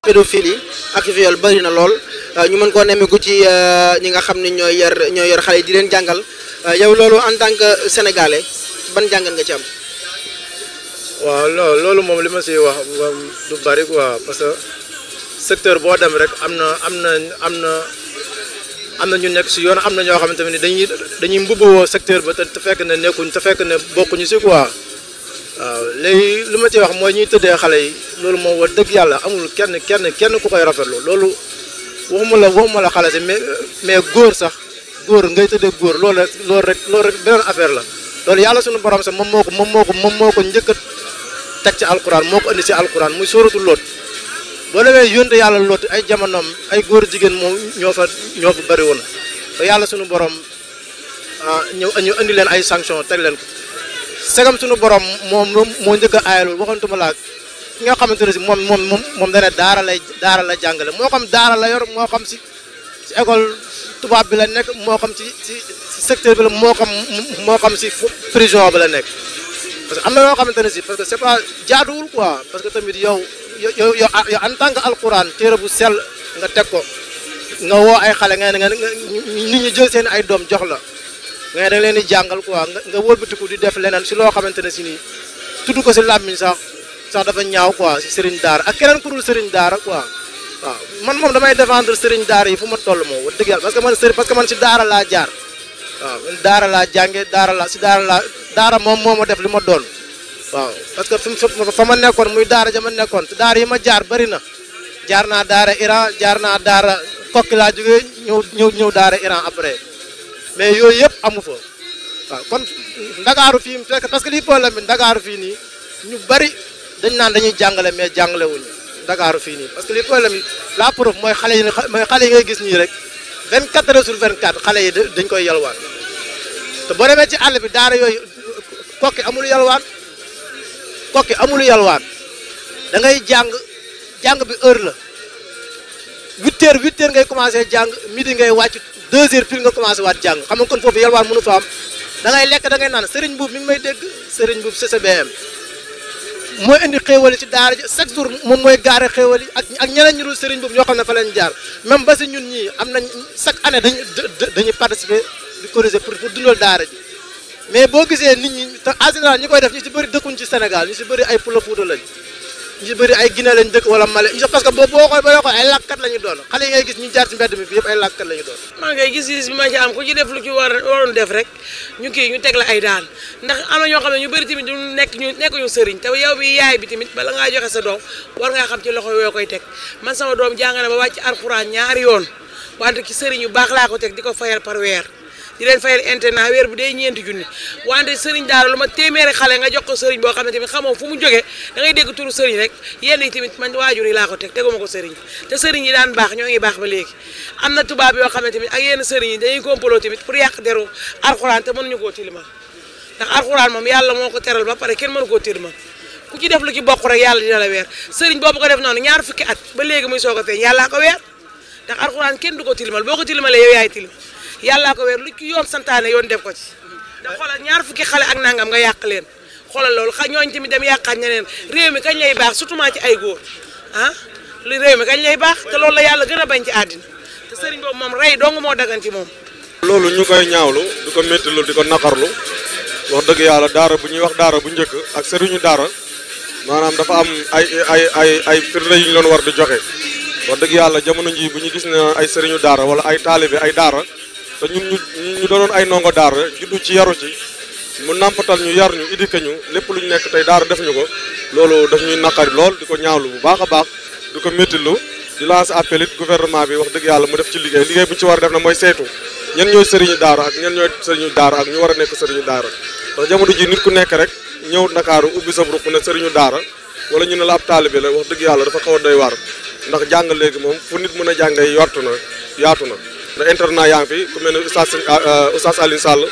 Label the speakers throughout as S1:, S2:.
S1: pédophilie ak viol bari na lool euh, ñu mën koo nemmiku ci euh, ñi nga xam ne ñoo yar ñoo yar xale yi di leen jàngal euh, yow loolu en tant que sénégalais ban jàngal nga ci am. waaw loo loolu moom li ma si wax du bari quoi parce que secteur boo dem rek am na am na am na am na ñu nekk si yoon am na ñoo xamante ne dañuy dañuy mbubboo secteur ba te fekk ne nekkuñ te fekk ne bokkuñu si quoi waaw léegi li ma ci wax mooy ñuy tëddee xale yi loolu moom wax dëgg yàlla amul kenn kenn kenn ku koy rafetlu loolu waxuma la waxuma la xale si mais mais góor sax góor ngay tëddee góor loolu rek loolu rek loolu rek beneen affaire la loolu yàlla suñu borom sax moom moo ko moom moo ko moom moo ko njëkkat teg ci alquran moo ko indi ci alquran muy sóoratu loot boo demee yónte yàlla loot ay jamonoom ay góor jigéen moom ñoo fa ñoo fa bëri woon te yàlla sunu borom ah, ñëw ñu indi leen ay sanction teg leen sunu borom moom moo njëkk a aayalul waxantuma laa ki nga xamante ne si moom moom moom moom dane daara lay daara la jàngale moo xam daara la yor moo xam si si école tubaab bi la nekk moo xam si si secteur bi la moo xam moo xam si prison bi la nekk parce que am na yoo xamante ne si parce que c'est pas jaaduwul quoi parce que tamit yow yow yow ah, en al que alquran téere bu sel nga teg ko nga woo ay xale nga ne nga nit ñi seen ay doom jox la nga ne da leen di jàngal quoi nga ku di def leneen si loo xamante ne si nii tudd ko si làmmiñ sax sax dafa ñaaw quoi si sëriñ daara ak keneen ku dul sëriñ daara quoi man moom damay défendre sëriñ daara yi fu ma toll moom wax dëgg yàlla parce que man si daara laa jaar daara laa jànge daara laa si daara laa daara moom moo ma def li ma doon waaw parce que fi fa ma nekkoon muy daara jama nekkoon te daara yi ma jaar bëri na jaar naa daara Iran jaar naa daara kokki laa jógee ñëw ñëw ñëw daara Iran après mais yooyu yëpp amu fa waaw kon ndakaaru fii parce que lii problème bi ndakaaru fii nii ñu bëri dañ naan dañuy jàngale mais jàngale wuñu ndakaaru fii nii parce que lii problème bi la preuve mooy xale mooy xale yi ngay gis nii rek 24 heures sur vint 24 xale yi dañ koy yalwaan te boo demee kokki amul yalwaan kokki amul yalwaan da ngay jàng jàng bi heure la huit heures huit heures ngay commencé jàng midi ngay wàcc deux heures pile nga commencé waat jàng xam nga kon foofu yalwaan mënu fa am lekk da ngay naan Serigne Mbuub mi ngi may dégg Serigne Mbuub CCBM mooy indi xéewal yi ci daara ji chaque jour moom mooy gaare xéewal yi ak ak ñeneen ñu dul Serigne Mbuub ñoo xam ne fa leen jaar même ba si ñun ñii am nañ chaque année dañuy dañuy participer di corriger pour pour dundal daara ji. mais boo gisee nit ñi te en ñi koy def ñu si bëri dëkkuñ ci Sénégal ñu si bari ay Pula Fuuta lañ ñu si bëri ay Guinée lañ dëkk wala Mali parce que boo boo xoolee ba
S2: ay làkkat la ñu doon xale yi gis ñu jaar ci mbedd mi fi maa ngay gis gis bi ma def lu ci war waroon def rek ñu kii ñu teg la ay daan ndax am na ñoo xam ne ñu bëri tamit nekk ñu nekk ñu sëriñ te yow bi yaay bi tamit bala ngaa joxe sa doom war ngaa xam ci loxo yoo koy teg man sama doom jàng ba wàcc alxuraan ñaari yoon wante ci sëriñ yu baax laa ko teg di ko fayal par weer di leen fayal internat weer bu dee ñeenti junni wante sëriñ daara lu ma téeméeri xale nga jox ko sëriñ boo xam ne tamit xamoo fu mu jógee da ngay dégg turu sëriñ rek yenn yi tamit man waajur yi laa ko teg teguma ko sëriñ te sëriñ yi daan baax ñoo ngi baax ba léegi am na tubaab yoo xam ne tamit ak yenn sëriñ yi dañuy complot tamit pour yàq deru alxuraan te mënuñu koo tilimal ndax alxuraan moom yàlla moo ko teral ba pare kenn mënu koo tilimal ku ci lu ci bokk rek yàlla dina la weer sëriñ boobu ko def noonu ñaar fukki at ba léegi muy soog a feeñ yàllaa ko weer ndax alxuraan kenn du boo ko tilimalee yow yaay tilimal yàllaa ko weer lu ci yoon santaane yoon dem ko ci da xoolal ñaar fukki xale ak nangam nga yàq leen xoolal loolu xa ñooñu tamit dem yàqaat ñeneen réew mi kañ lay baax surtout ci ay góor ah li réew mi kañ lay baax te loolu la yàlla gën a bañ ci àddina te sëriñ boobu moom rey dong moo dagan ci moom
S3: loolu ñu koy ñaawlu di ko méttilu di ko naqarlu wax dëgg yàlla daara bu ñuy wax daara bu njëkk ak sëriñu daara maanaam dafa am ay ay ay ay firnde yu ñu war di joxe wax dëgg yàlla jamono ji bu ñu gis ne ay sëriñu daara wala ay taalibe ay daara te ñun ñu ñu doonoon ay ndongo daara juddu ci yaru ci mu nampatal ñu yar ñu éduqué ñu lépp lu ñu nekk tey daara def ñu ko loolu daf ñuy naqari lool di ko ñaawlu bu baax a baax di ko méttilu di lancer appel it bi wax dëgg yàlla mu def ci liggéey liggéey bu ci war a def na mooy saytu ñen ñooy sëriñu daara ak ñen ñooy sëriñu daara ak ñu war a nekk sëriñu daara ndax jamono ji nit ku nekk rek ñëw Ndakaaru ubbi sa ruq ne sëriñu daara wala ñu ne la ab taalibe la wax dëgg yàlla dafa xaw a doy waar ndax jàng léegi nit mën a jàngay yortu na yaatu na ndax internat yaa ngi fi ku mel ne oustaz ah, ah, oustaz Alioune Sall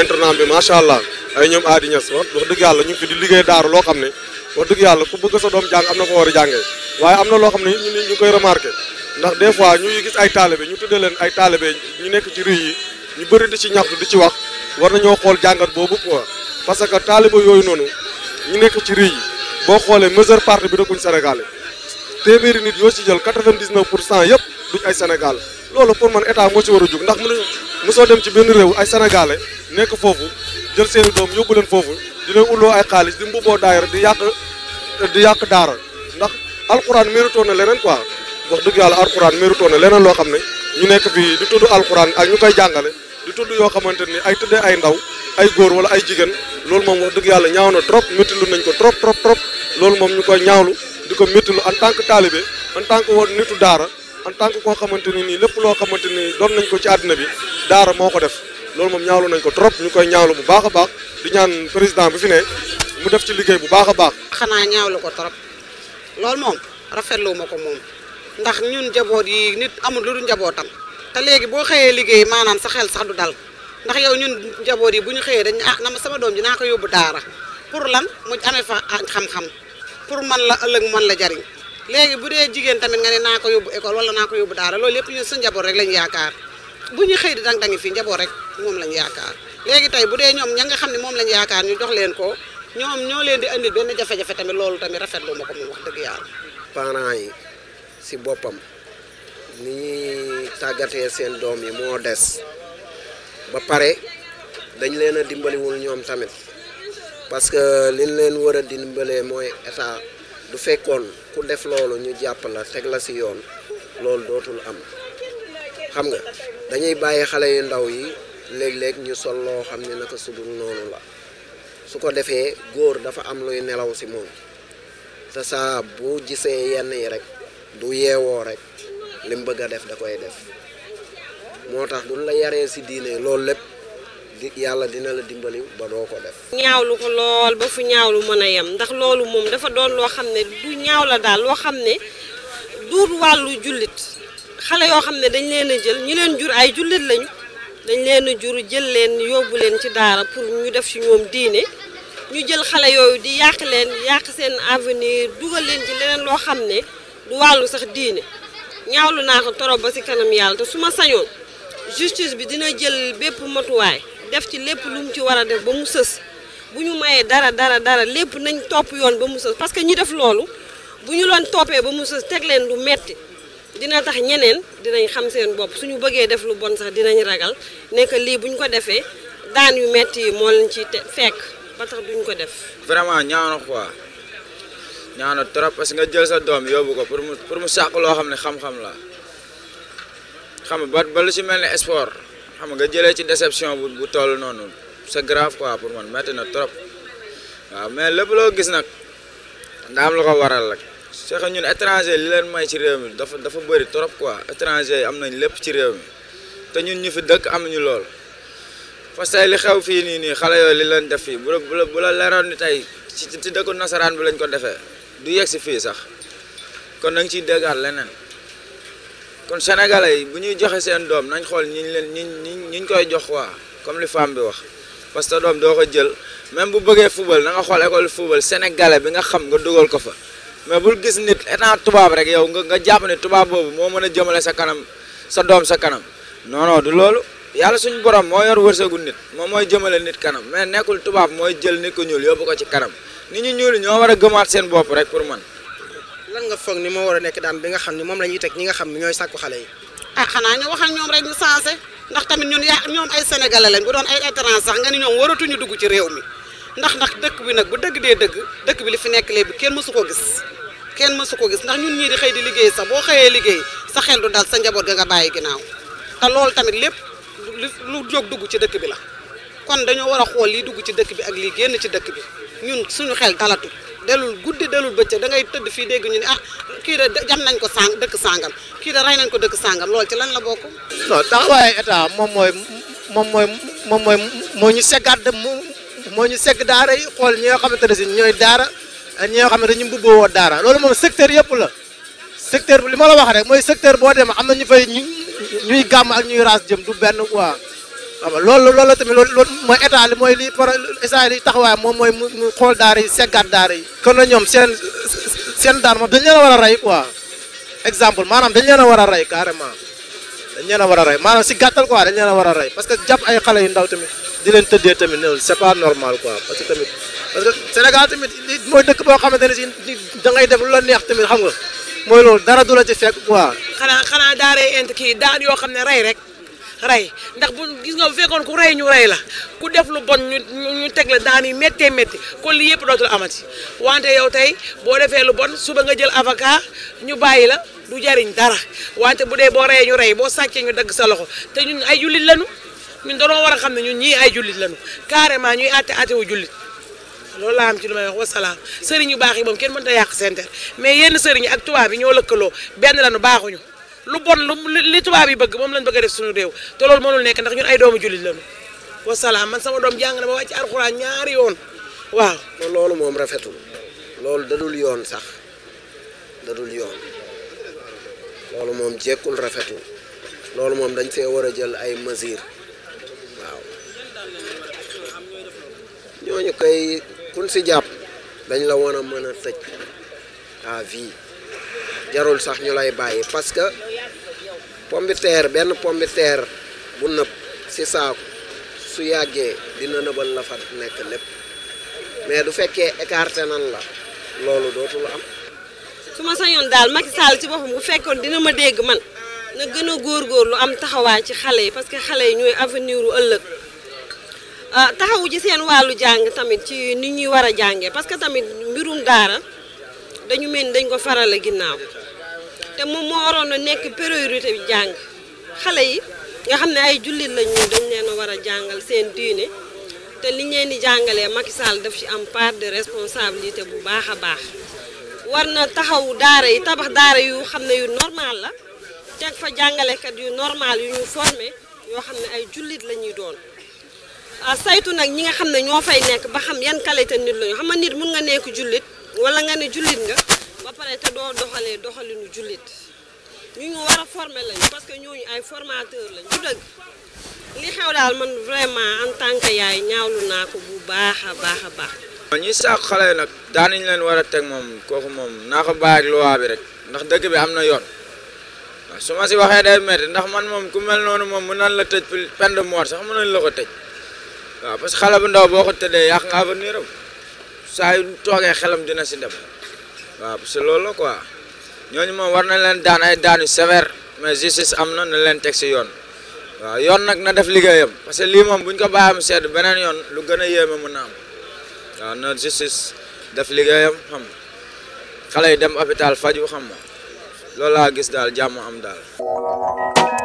S3: internat bi macha allah ay ñoom Adi Niass wax wax dëgg yàlla ñu ngi liggéey daaru loo xam ne wax dëgg yàlla ku bëgg sa jàng am na ko war a jàngee waaye am na loo xam ne ñu ngi koy remarqué
S4: ndax des fois
S3: ñuy gis ay taalibe ñu tuddee leen ay taalibe ñu nekk ci rue yi ñu bëri di ci ñaxtu di ci wax war nañoo xool jàngat boobu quoi parce que taalibe yooyu noonu ñu nekk ci rue yi boo xoolee majeure partie bi dëkkuñ Sénégal téeméeri nit yoo ci jël quatre-vingt-dix-neuf pour cent yëpp duñ ay Sénégal loolu pour man état moo ci war a jug ndax mënu soo dem ci benn réew ay sénégalais nekk foofu jël seeni doom yóbbu leen foofu di leen ulloo ay xaalis di mbubboo daayira di yàq di yàq daara ndax alxuraan méritoon na leneen quoi wax dëgg yàlla alxuraan méritoon na leneen loo xam ne ñu nekk fii di tudd alxuraan ak ñu koy jàngale di tudd yoo xamante ni ay tëddee ay ndaw ay góor wala ay jigéen loolu moom wax dëgg yàlla ñaaw na trop métti lu nañ ko trop trop trop loolu moom ñu koy ñaawlu di ko méttilu en tant que taalibe en tant que woon nitu daara en tant que koo xamante ni nii lépp loo xamante ni nañ ko ci àddina bi daara moo ko def lool moom ñaawlu nañ ko trop ñu koy ñaawlu bu baax baax di ñaan président bu fi ne mu def ci liggéey bu baax a baax.
S5: xanaa ñaawlu ko trop loolu moom rafetlu ma ko moom ndax ñun njaboot yi nit amul lu dul njabootam te léegi boo xëyee liggéey maanaam sa xel sax du dal ndax yow ñun njaboot yi bu ñu xëyee dañ ah na ma sama doom ji naa ko yóbbu daara pour lan mu amee fa ah, xam-xam. pour man la ëllëg man la jariñ léegi bu dee jigéen tamit nga ne naa ko yóbbu école wala naa ko yóbbu daara loolu yëpp ñu sa njaboot rek lañ yaakaar bu ñu xëy di dang dangi fii njaboot rek moom lañ yaakaar léegi tey bu dee ñoom ña nga xam ne moom lañ yaakaar ñu jox leen ko ñoom ñoo leen di indi benn jafe-jafe tamit loolu tamit rafetlu ma ko moom wax dëgg yàlla.
S6: parent yi si boppam ni ñuy tàggatee seen doom yi moo des ba pare dañ leen a dimbaliwul ñoom tamit. parce que liñ leen war a dimbalee mooy état du fekkoon ku def loolu ñu jàpp la teg la si yoon loolu dootul am xam nga dañuy bàyyi xale yu ndaw yi léeg-léeg ñu sol loo xam ne naka sudul noonu la su ko defee góor dafa am luy nelaw si moom te saa bu gisee yenn yi rek du yeewoo rek li mu bëgg a def da koy def moo tax duñ la yaree si diine loolu lépp yàlla dina la dimbali ba doo ko def.
S4: ñaawlu ko lool ba fu ñaawlu mën a yem ndax loolu moom dafa doon loo xam ne du ñaaw la daal loo xam ne duur wàllu jullit xale yoo xam ne dañ leen jël ñu leen jur ay jullit lañu dañ leen jur jël leen yóbbu leen ci daara pour def ci ñoom diine ñu jël xale yooyu di yàq leen yàq seen avenir dugal leen ci leneen loo xam ne du wàllu sax diine ñaawlu naa ko torop ba ci kanam yàlla te su ma sañoon justice bi dina jël bépp matuwaay def ci lépp lu mu ci war a def ba mu sës bu ñu mayee dara dara dara lépp nañ topp yoon ba mu sës parce que ñi def loolu bu ñu loon toppee ba mu sës teg leen lu metti dina tax ñeneen dinañ xam seen bopp suñu bëggee def lu bon sax dinañ ragal nekk lii bu ñu ko defee daan yu metti yi moo leen ci fekk ba tax duñ ko def.
S7: vraiment ñaaw na quoi na trop parce que nga jël sa doom yóbbu ko pour mu pour mu sàq loo xam ne xam-xam la xam ba ba lu ci mel ne sport. xam nga jëlee ci déception bu bu toll noonu c'est grave quoi pour man metti na trop waaw mais lépp loo gis nag ndaxam am lu ko waral rek c'est que ñun étranger li leen may ci réew mi dafa dafa bëri trop quoi étranger yi am nañ lépp ci réew mi te ñun ñu fi dëkk am ñu lool parce que li xew fii nii nii xale yooyu li leen def fii bu la bu la bu leeroon ni tey ci ci dëkku nasaraan bi lañ ko defee du yegg si fii sax kon da ciy déggaat leneen. kon sénégalais yi bu ñuy joxe seen doom nañ xool ñi leen ñi ñi ñu koy jox waa comme li femme bi wax parce que doom doo ko jël même bu bëggee football na nga xool école football sénégalais bi nga xam nga dugal ko fa mais bul gis nit étant tubaab rek yow nga nga jàpp tubaab boobu moo mën a jëmale sa kanam sa doom sa kanam non du loolu yàlla suñu borom moo yor wërsëgu nit moom mooy jëmale nit kanam mais nekkul tubaab mooy jël nit ko ñuul yóbbu ko ci kanam ni ñu ñuul ñoo war a gëmaat seen bopp rek pour man.
S1: lan nga foog ni moo war nekk daan bi nga xam ne moom la ñuy teg ñi nga xam ne ñooy sàkku xale yi ah
S5: xanaa ñu wax ak ñoom rek ñu changé ndax tamit ñun yaa ñoom ay sénégalais lañ bu doon ay étranger sax nga ni ñoom
S1: waratuñu dugg ci réew mi
S5: ndax ndax dëkk bi nag bu dëgg dee dëgg dëkk bi li fi nekk léegi kenn mësu ko gis kenn mësu ko gis ndax ñun ñii xëy di liggéey sax boo xëyee liggéey sa xel du dal sa njaboot ga nga bàyyi ginnaaw te loolu tamit lépp lu jóg dugg ci dëkk bi la kon dañoo war a xool lii dugg ci dëkk bi ak lii génn ci dëkk bi ñun suñu xel dalatu delul guddi delul bëccëg da ngay tëdd fii dégg ñu ne ah kii da jam nañ ko sang dëkk sàngam kii da rey nañ ko dëkk sangam lool ci lan la bokk.
S1: to taxawaayu état moom mooy moom mooy moom mooy moo ñu seggaat de moo ñu segg daara yi xool ñi nga xamante ne si ñooy daara ñi nga xam ne dañu mbubboo woo daara loolu moom secteur yëpp la secteur li ma la wax rek mooy secteur boo dem am na ñu fay ñuy gàmm ak ñuy raas jëm du benn quoi. xam loolu loolu la tamit loolu mooy état mooy li par état li taxawaay moom mooy mu xool daara yi seggaat daara yi kon na ñoom seen seen daar dañ leen a war a rey exemple maanaam dañ leen a war a rey carrément dañ leen a war a rey maanaam si gàttal quoi dañ leen a war a parce que jàpp ay xale yu ndaw tamit di leen tëddee tamit loolu c'est pas normal quoi parce que tamit parce Sénégal tamit mooy dëkk boo xamante ne si da ngay def lu la neex tamit xam nga mooy loolu dara du la ci fekk quoi.
S2: xanaa xanaa daara int kii daan yoo xam ne rey rek. rey ndax bu gis nga bu fekkoon ku rey ñu rey la ku def lu bon ñu ñu teg la daan yi méttee métti kon li yëpp dootul amati wante yow tey boo defee lu bon suba nga jël avocat ñu bàyyi la du jariñ dara wante bu dee boo reyee ñu rey boo sàccee ñu dagg sa loxo te ñun ay jullit lañu ñun danoo war a xam ne ñun ay jullit lañu carrément ñuy àtte àtte jullit loolu laa am lu may wax wasalaam sëriñ baax yi moom kenn mënta yàq seen mais yenn sëriñ ak tubaab bi ñoo lëkkaloo benn la nu baaxuñu. lu bon lu li tubaab yi bëgg moom lañ bëgg a def suñu réew te loolu mënul nekk ndax ñun ay doomu jullit lañu wasalaam man sama doom jàng na ba wàcc alxuraan ñaari yoon waaw.
S6: loolu moom rafetul loolu dadul yoon sax dadul yoon loolu moom jekkul rafetul loolu moom dañ fee war a jël ay mesures waaw ñooñu koy kun si jàpp dañ la war a mën a tëj à jarul sax ñu lay bàyyi parce que. pombiteer benn pombiteer bu nëb si saaku su yàggee dina nëbal la fa nekk lépp mais du fekkee écarté nan la loolu dootul am.
S4: su ma sañoon daal Macky Sall ci boppam bu fekkoon dina ma dégg man na gën a góor góor lu am taxawaay ci xale yi parce que xale yi ñooy avenir u ëllëg ah, taxawu ci seen wàllu jàng tamit ci ni ñuy war a jàngee parce que tamit mbirum daara dañu mel ni dañ ko farale ginnaaw. te moom moo waroon a nekk priorité bi jàng xale yi nga xam ne ay jullit lañ ñu dañ leen war a jàngal seen diine te li ñeen di jàngalee Macky Sall daf ci am part de responsabilité bu baax a baax war na taxaw daara yi tabax daara yu xam ne yu normal la teg fa jàngalekat yu normal yu ñu formé yoo xam ne ay jullit la ñuy doon saytu nag ñi nga xam ne ñoo fay nekk ba xam yan qualité nit la ñu xam nga nit mun nga nekk jullit wala nga ne jullit nga ba pare te doo doxalee doxalinu jullit ñu ñu war a lañu parce que ñooñu ay formateur lañu du dëgg li xew daal man vraiment en tant que yaay ñaawlu naa ko bu baax a baax a baax. ñi
S7: saako xale yi nag daanañ leen war a teg moom kooku moom naa ko bàyyi ak loi bi rek ndax dëkk bi am na yoon waaw su ma si waxee day métti ndax man moom ku mel noonu moom mën nañ la tëj peine de mort sax mën nañ la ko tëj waaw parce que xale bu ndaw boo ko tëddee yàq nga avenir am saa yu toogee xelam si dem. waaw parce que loolu la quoi ñooñu moom war nañ leen daan ay daan yu sévère mais justice am na na leen teg si yoon waaw yoon nag na def liggéeyam parce que lii moom bu ñu ko bàyyam sedd beneen yoon lu gën a yéeme mën na am waaw na justice def liggéeyam xam
S4: xale yi dem hôpital faju
S7: xam ma loolu laa gis daal jàmm am daal